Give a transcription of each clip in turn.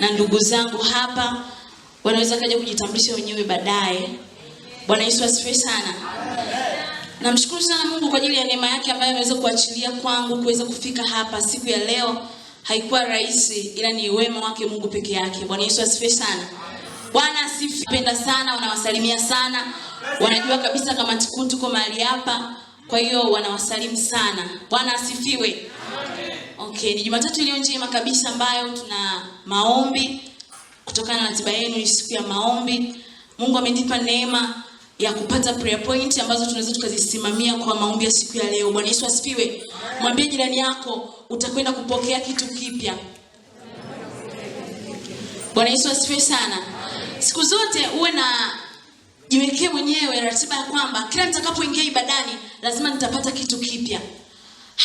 na ndugu zangu hapa, wanaweza kaja kujitambulisha wenyewe baadaye. Bwana Yesu asifiwe sana. Namshukuru sana Mungu kwa ajili ya neema yake ambayo ameweza kuachilia kwangu kuweza kufika hapa siku ya leo. Haikuwa rahisi, ila ni wema wake Mungu peke yake. Bwana Yesu asifiwe sana. Bwana asifiwe. sana, wanawasalimia sana, wanajua kabisa kama tuko mahali hapa, kwa hiyo wanawasalimu sana. Bwana asifiwe. Okay, ni Jumatatu iliyo njema kabisa ambayo tuna maombi kutokana na ratiba yenu, ni siku ya maombi. Mungu amenipa neema ya kupata prayer point ambazo tunaweza tukazisimamia kwa maombi ya siku ya leo. Bwana Yesu asifiwe. Mwambie jirani yako utakwenda kupokea kitu kipya. Bwana Yesu asifiwe sana. Siku zote uwe na jiwekee mwenyewe ratiba ya kwamba kila nitakapoingia ibadani lazima nitapata kitu kipya.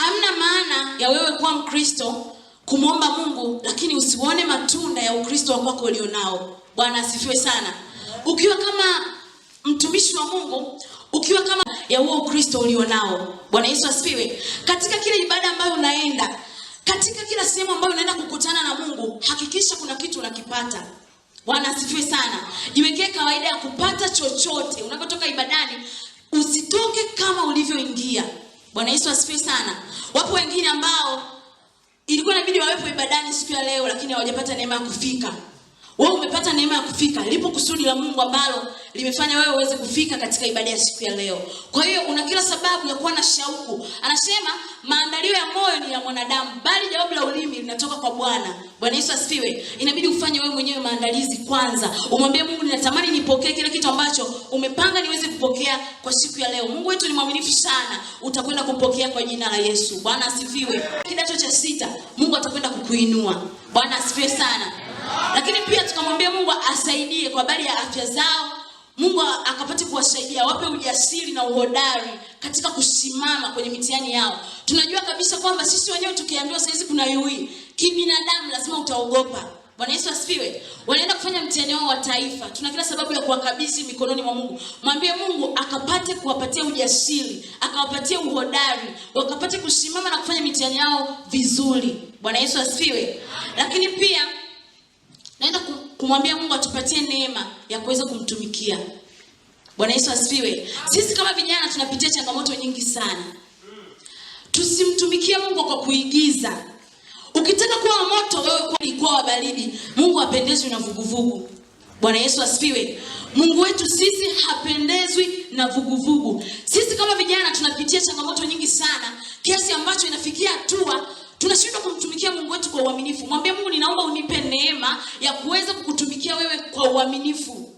Hamna maana ya wewe kuwa Mkristo kumwomba Mungu lakini usione matunda ya Ukristo wa kwako ulionao. Bwana asifiwe sana. Ukiwa kama mtumishi wa Mungu, ukiwa kama ya huo Ukristo ulionao. Bwana Yesu asifiwe. Katika kila ibada ambayo unaenda, katika kila sehemu ambayo unaenda kukutana na Mungu, hakikisha kuna kitu unakipata. Bwana asifiwe sana. Jiwekee kawaida ya kupata chochote unapotoka ibadani, Bwana Yesu asifiwe sana. Wapo wengine ambao ilikuwa inabidi wawepo ibadani siku ya leo, lakini hawajapata neema ya kufika. Wewe umepata neema ya kufika, lipo kusudi la Mungu ambalo limefanya wewe uweze kufika katika ibada ya siku ya leo. Kwa hiyo una kila sababu ya kuwa na shauku. Anasema maandalio ya moyo ni ya mwanadamu, bali jawabu la ulimi linatoka kwa Bwana. Bwana Yesu asifiwe. Inabidi ufanye wewe mwenyewe maandalizi kwanza, umwambie Mungu, ninatamani nipokee kile kitu ambacho umepanga niweze kupokea kwa siku ya leo. Mungu wetu ni mwaminifu sana, utakwenda kupokea kwa jina la Yesu. Bwana asifiwe. Kidato cha sita, Mungu atakwenda kukuinua. Bwana asifiwe sana. Lakini pia tukamwambia Mungu asaidie kwa habari ya afya zao, Mungu akapate kuwasaidia, wape ujasiri na uhodari katika kusimama kwenye mitihani yao. Tunajua kabisa kwamba sisi wenyewe tukiambiwa saizi kuna yui kibinadamu, lazima utaogopa. Bwana Yesu asifiwe. Wanaenda kufanya mtihani wao wa taifa, tuna kila sababu ya kuwakabidhi mikononi mwa Mungu. Mwambie Mungu akapate kuwapatia ujasiri, akawapatia uhodari, wakapate kusimama na kufanya mitihani yao vizuri. Bwana Yesu asifiwe. Lakini pia naenda kumwambia Mungu atupatie neema ya kuweza kumtumikia. Bwana Yesu asifiwe. Sisi kama vijana tunapitia changamoto nyingi sana. Tusimtumikie Mungu kwa kuigiza. Ukitaka kuwa moto wewe kuwa wa baridi, Mungu hapendezwi na vuguvugu. Bwana Yesu asifiwe. Mungu wetu sisi hapendezwi na vuguvugu. Sisi kama vijana tunapitia changamoto nyingi sana kiasi ambacho inafikia hatua tunashindwa kumtumikia Mungu wetu kwa uaminifu. Mwambie Mungu, ninaomba unipe neema ya kuweza kukutumikia wewe kwa uaminifu.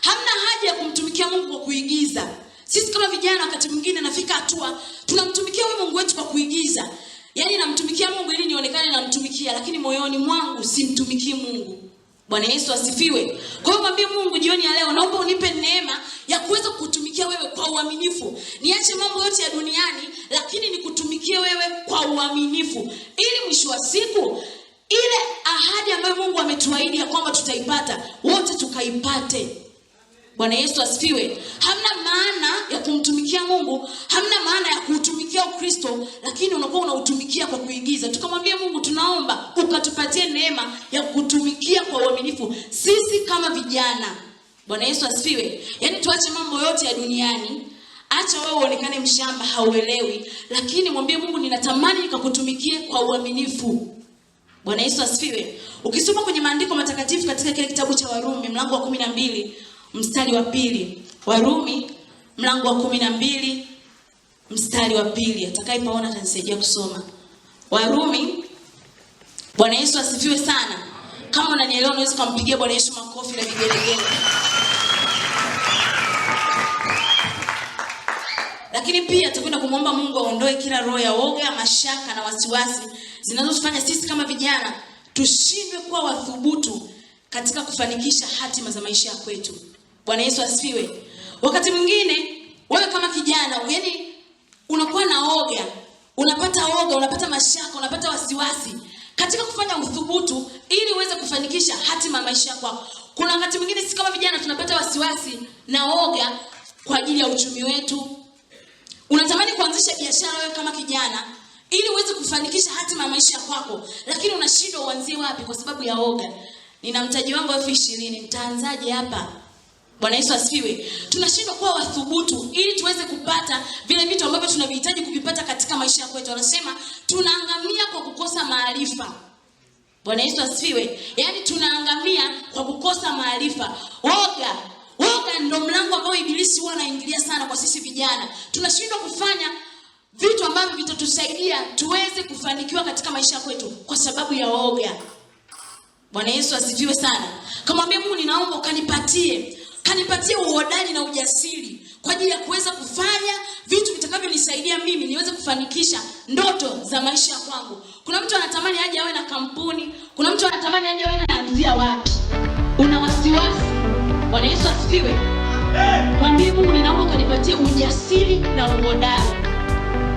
Hamna haja ya kumtumikia Mungu kwa kuigiza. Sisi kama vijana, wakati mwingine nafika hatua tunamtumikia wewe Mungu wetu kwa kuigiza, yaani namtumikia Mungu ili nionekane namtumikia, lakini moyoni mwangu simtumikii Mungu. Bwana Yesu asifiwe. Kwa hiyo mwambie Mungu jioni ya leo, naomba unipe neema ya kuweza kukutumikia wewe kwa uaminifu. Niache mambo yote ya duniani, lakini nikutumikie wewe kwa uaminifu, ili mwisho wa siku ile ahadi ambayo Mungu ametuahidi ya kwamba tutaipata wote tukaipate. Bwana Yesu asifiwe. Hamna maana ya kumtumikia Mungu, hamna maana ya kuutumikia Ukristo, lakini unakuwa unautumikia kwa kuigiza. Tukamwambia Mungu, tunaomba ukatupatie neema ya kutumikia kwa uaminifu sisi kama vijana. Bwana Yesu asifiwe. Yaani tuache mambo yote ya duniani Acha wewe uonekane mshamba hauelewi, lakini mwambie Mungu, ninatamani nikakutumikie kwa uaminifu. Bwana Yesu asifiwe. Ukisoma kwenye maandiko matakatifu katika kile kitabu cha Warumi mlango wa kumi na mbili mstari wa pili Warumi mlango wa kumi na mbili mstari wa pili atakayepaona atanisaidia kusoma Warumi. Bwana Yesu asifiwe sana. Kama unanielewa unaweza kumpigia Bwana Yesu makofi na vigelegele. Lakini pia tutakwenda kumwomba Mungu aondoe kila roho ya woga, mashaka na wasiwasi zinazotufanya sisi kama vijana tushindwe kuwa wathubutu katika kufanikisha hatima za maisha ya kwetu. Bwana Yesu asifiwe. Wakati mwingine wewe kama kijana, yaani unakuwa na oga, unapata oga, unapata mashaka, unapata wasiwasi katika kufanya uthubutu ili uweze kufanikisha hatima ya maisha yako. Kuna wakati mwingine sisi kama vijana tunapata wasiwasi na oga kwa ajili ya uchumi wetu. Unatamani kuanzisha biashara wewe kama kijana ili uweze kufanikisha hatima ya maisha kwako, lakini unashindwa uanzie wapi kwa sababu ya oga. Nina mtaji wangu elfu ishirini, nitaanzaje hapa? Bwana Yesu asifiwe. Tunashindwa kuwa wathubutu ili tuweze kupata vile vitu ambavyo tunavihitaji kuvipata katika maisha yetu. Anasema tunaangamia kwa kukosa maarifa. Bwana Yesu asifiwe. Yaani tunaangamia kwa kukosa maarifa. Oga. Oga ndio mlango ambao ibilisi huwa anaingilia sana kwa sisi vijana. Tunashindwa kufanya vitu ambavyo vitatusaidia tuweze kufanikiwa katika maisha kwetu kwa sababu ya oga Bwana Yesu asifiwe sana. Kamwambia Mungu, ninaomba ukanipatie kanipatie uhodari na ujasiri kwa ajili ya kuweza kufanya vitu vitakavyonisaidia mimi niweze kufanikisha ndoto za maisha kwangu. Kuna mtu anatamani aje awe na kampuni, kuna mtu anatamani aje awe na anzia wapi? Una wasiwasi? Bwana Yesu asifiwe. Mwambie Mungu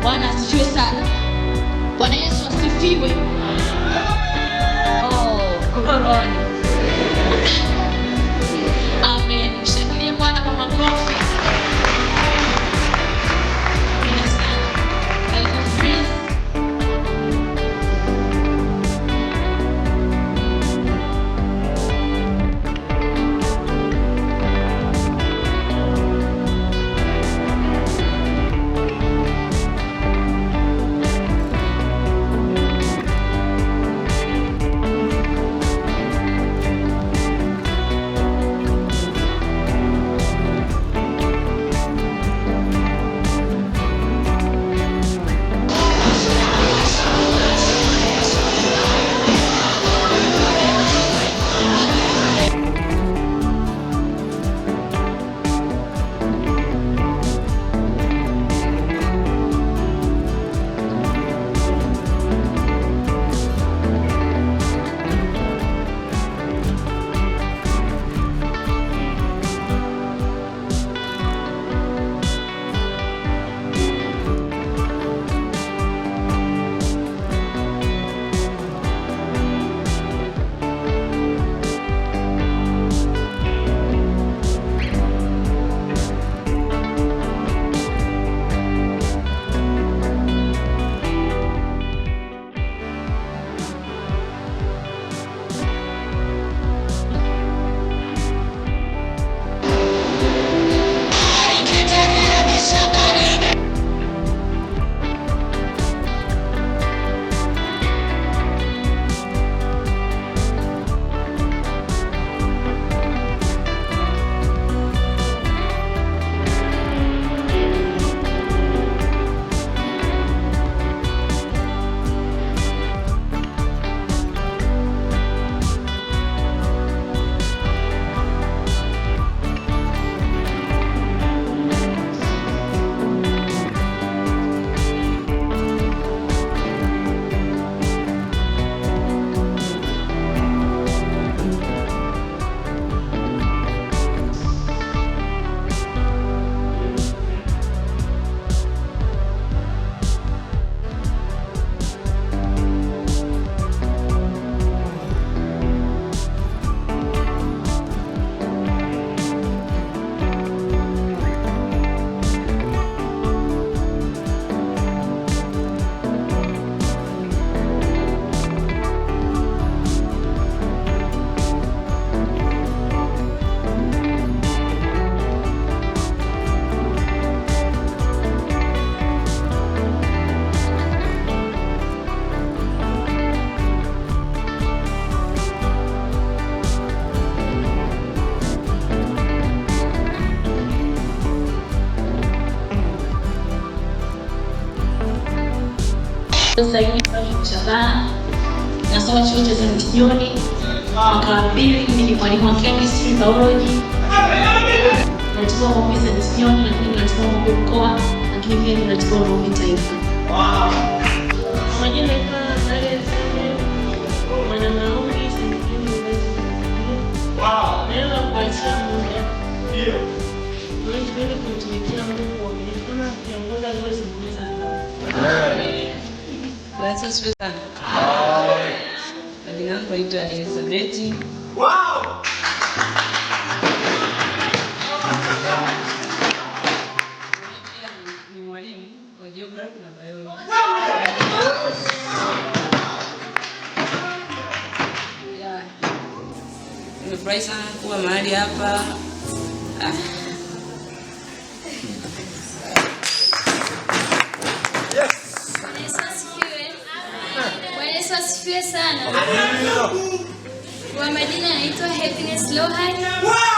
Bwana asifiwe sana. Bwana Yesu asifiwe. Sasa hivi niko nasoma chuo cha St. mwaka wa pili. Mimi ni mwalimu wa chemistry biology, natoka kwa St. John, lakini natoka kwa mkoa, lakini pia natoka kwa taifa. Majina Mungu Bwana Amen. Majina yangu naitwa Elizabeth. Wow. Ni mwalimu wa geography na biology. Nimefurahi sana kuwa mahali hapa. Ah. sana. Kwa majina anaitwa Happiness Lohan. Wow!